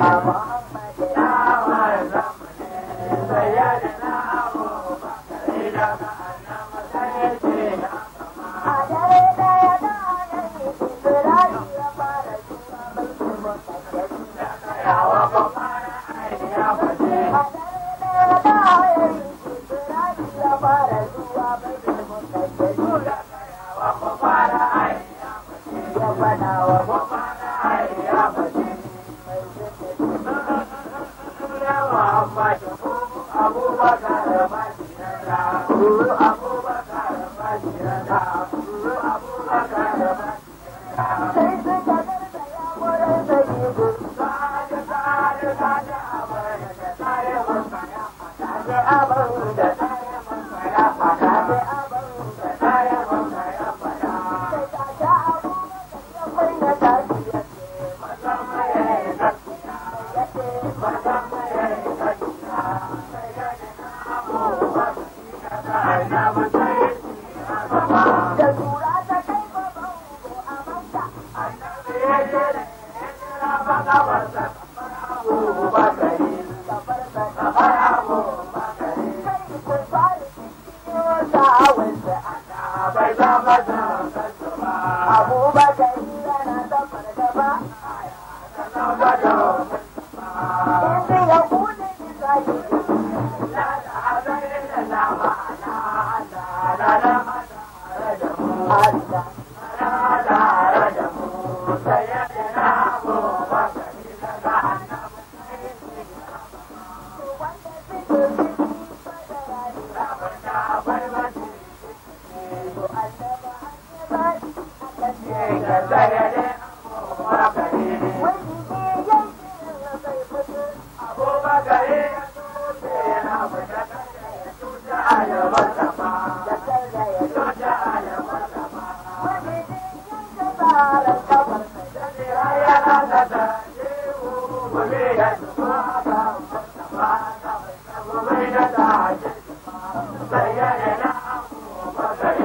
Baba. Bye-bye.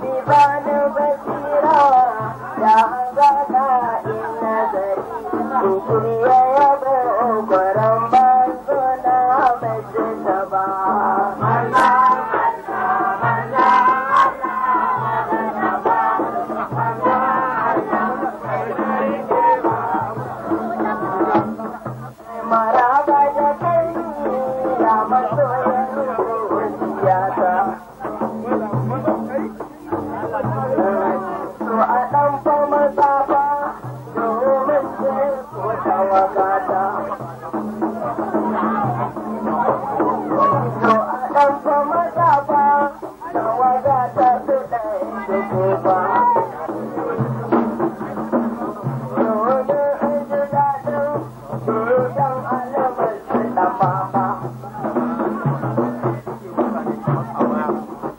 दी बान Thank you. Thank you.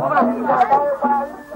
我们。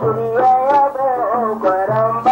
कर